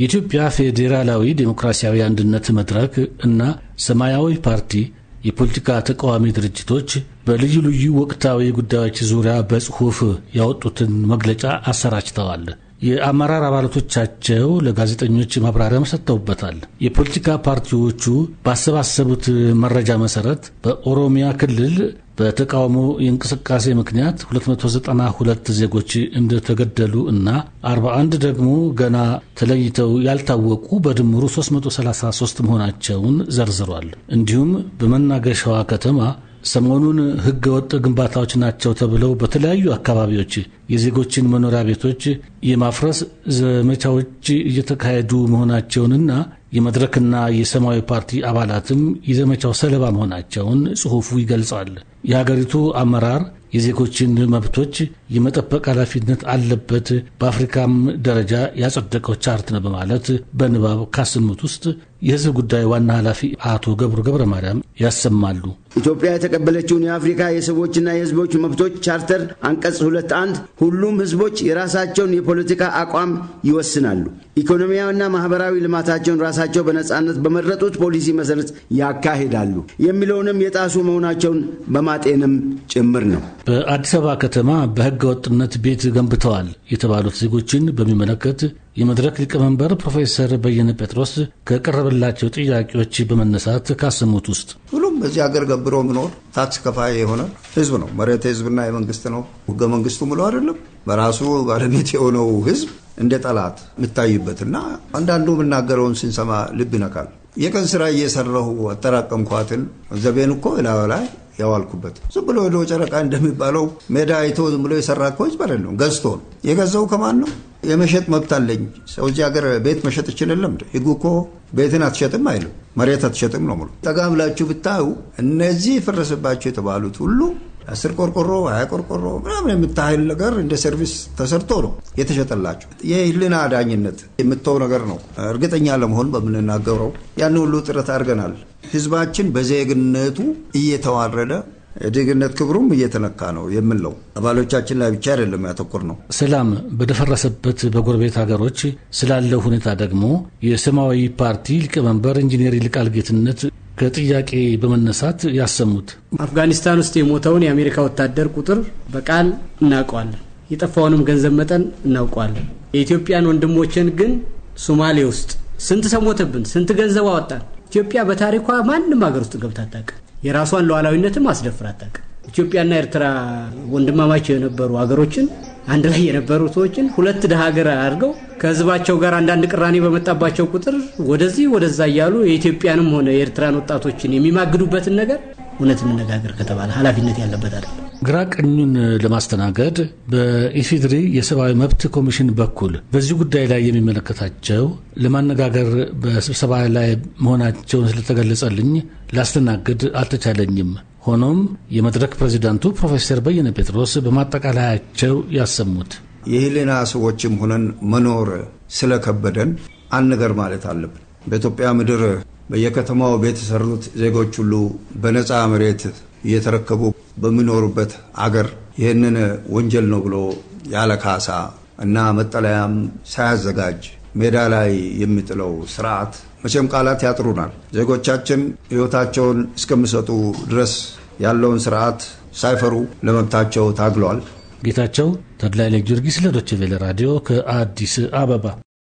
የኢትዮጵያ ፌዴራላዊ ዴሞክራሲያዊ አንድነት መድረክ እና ሰማያዊ ፓርቲ የፖለቲካ ተቃዋሚ ድርጅቶች በልዩ ልዩ ወቅታዊ ጉዳዮች ዙሪያ በጽሑፍ ያወጡትን መግለጫ አሰራጭተዋል። የአመራር አባላቶቻቸው ለጋዜጠኞች ማብራሪያም ሰጥተውበታል። የፖለቲካ ፓርቲዎቹ ባሰባሰቡት መረጃ መሰረት በኦሮሚያ ክልል በተቃውሞ የእንቅስቃሴ ምክንያት 292 ዜጎች እንደተገደሉ እና 41 ደግሞ ገና ተለይተው ያልታወቁ በድምሩ 333 መሆናቸውን ዘርዝሯል። እንዲሁም በመናገሻዋ ከተማ ሰሞኑን ሕገ ወጥ ግንባታዎች ናቸው ተብለው በተለያዩ አካባቢዎች የዜጎችን መኖሪያ ቤቶች የማፍረስ ዘመቻዎች እየተካሄዱ መሆናቸውንና የመድረክና የሰማያዊ ፓርቲ አባላትም የዘመቻው ሰለባ መሆናቸውን ጽሑፉ ይገልጻል። የሀገሪቱ አመራር የዜጎችን መብቶች የመጠበቅ ኃላፊነት አለበት፣ በአፍሪካም ደረጃ ያጸደቀው ቻርት ነው በማለት በንባብ ካሰሙት ውስጥ የህዝብ ጉዳይ ዋና ኃላፊ አቶ ገብሩ ገብረ ማርያም ያሰማሉ። ኢትዮጵያ የተቀበለችውን የአፍሪካ የሰዎችና የህዝቦች መብቶች ቻርተር አንቀጽ ሁለት አንድ ሁሉም ህዝቦች የራሳቸውን የፖለቲካ አቋም ይወስናሉ፣ ኢኮኖሚያዊና ማህበራዊ ልማታቸውን ራሳቸው በነጻነት በመረጡት ፖሊሲ መሰረት ያካሂዳሉ የሚለውንም የጣሱ መሆናቸውን በማጤንም ጭምር ነው። በአዲስ አበባ ከተማ በህገ ወጥነት ቤት ገንብተዋል የተባሉት ዜጎችን በሚመለከት የመድረክ ሊቀመንበር ፕሮፌሰር በየነ ጴጥሮስ ከቀረበላቸው ጥያቄዎች በመነሳት ካሰሙት ውስጥ ሁሉም በዚህ ሀገር ገብሮ ምኖር ታክስ ከፋይ የሆነ ህዝብ ነው። መሬት የህዝብና የመንግስት ነው። ህገ መንግስቱ ምሎ አይደለም። በራሱ ባለቤት የሆነው ህዝብ እንደ ጠላት የሚታይበት አንዳንዱ የምናገረውን ስንሰማ ልብ ይነካል። የቀን ስራ እየሰራሁ አጠራቀምኳትን ዘቤን እኮ ላይ ያዋልኩበት ዝም ብሎ ሄዶ ጨረቃ እንደሚባለው ሜዳ አይቶ ዝም ብሎ የሰራ እኮ ህዝብ አይደለም። ገዝቶ ነው የገዛው ከማን ነው የመሸጥ መብት አለኝ። ሰው እዚህ ሀገር ቤት መሸጥ ይችልልም። ህጉ እኮ ቤትን አትሸጥም አይሉ መሬት አትሸጥም ነው ሙሉ። ጠጋ ብላችሁ ብታዩ እነዚህ የፈረሰባቸው የተባሉት ሁሉ አስር ቆርቆሮ፣ ሀያ ቆርቆሮ ምናምን የምታህል ነገር እንደ ሰርቪስ ተሰርቶ ነው የተሸጠላቸው። የህልና ዳኝነት የምተው ነገር ነው። እርግጠኛ ለመሆን በምንናገረው ያን ሁሉ ጥረት አድርገናል። ህዝባችን በዜግነቱ እየተዋረደ ዜግነት ክብሩም እየተነካ ነው የምንለው አባሎቻችን ላይ ብቻ አይደለም ያተኮር ነው። ሰላም በደፈረሰበት በጎረቤት ሀገሮች ስላለው ሁኔታ ደግሞ የሰማያዊ ፓርቲ ሊቀመንበር ኢንጂነር ይልቃል ጌትነት ከጥያቄ በመነሳት ያሰሙት አፍጋኒስታን ውስጥ የሞተውን የአሜሪካ ወታደር ቁጥር በቃል እናውቀዋለን፣ የጠፋውንም ገንዘብ መጠን እናውቀዋለን። የኢትዮጵያን ወንድሞችን ግን ሶማሌ ውስጥ ስንት ሰው ሞተብን፣ ስንት ገንዘብ አወጣን። ኢትዮጵያ በታሪኳ ማንም ሀገር ውስጥ ገብታ አታውቅም። የራሷን ሉዓላዊነትም አስደፍራ አታውቅም። ኢትዮጵያና ኤርትራ ወንድማማች የነበሩ ሀገሮችን አንድ ላይ የነበሩ ሰዎችን ሁለት ድሃ ሀገር አድርገው ከህዝባቸው ጋር አንዳንድ ቅራኔ በመጣባቸው ቁጥር ወደዚህ ወደዛ እያሉ የኢትዮጵያንም ሆነ የኤርትራን ወጣቶችን የሚማግዱበትን ነገር እውነት እንነጋገር ከተባለ ኃላፊነት ያለበት አይደለም። ግራ ቀኙን ለማስተናገድ በኢፌድሪ የሰብአዊ መብት ኮሚሽን በኩል በዚህ ጉዳይ ላይ የሚመለከታቸው ለማነጋገር በስብሰባ ላይ መሆናቸውን ስለተገለጸልኝ ላስተናግድ አልተቻለኝም። ሆኖም የመድረክ ፕሬዚዳንቱ ፕሮፌሰር በየነ ጴጥሮስ በማጠቃለያቸው ያሰሙት የህሊና ሰዎችም ሆነን መኖር ስለከበደን አንድ ነገር ማለት አለብን። በኢትዮጵያ ምድር በየከተማው ቤት የሰሩት ዜጎች ሁሉ በነፃ መሬት እየተረከቡ በሚኖሩበት አገር ይህንን ወንጀል ነው ብሎ ያለ ካሳ እና መጠለያም ሳያዘጋጅ ሜዳ ላይ የሚጥለው ስርዓት መቼም ቃላት ያጥሩናል። ዜጎቻችን ሕይወታቸውን እስከሚሰጡ ድረስ ያለውን ስርዓት ሳይፈሩ ለመብታቸው ታግሏል። ጌታቸው ተድላይ ለጊዮርጊስ ለዶቼ ቬለ ራዲዮ ከአዲስ አበባ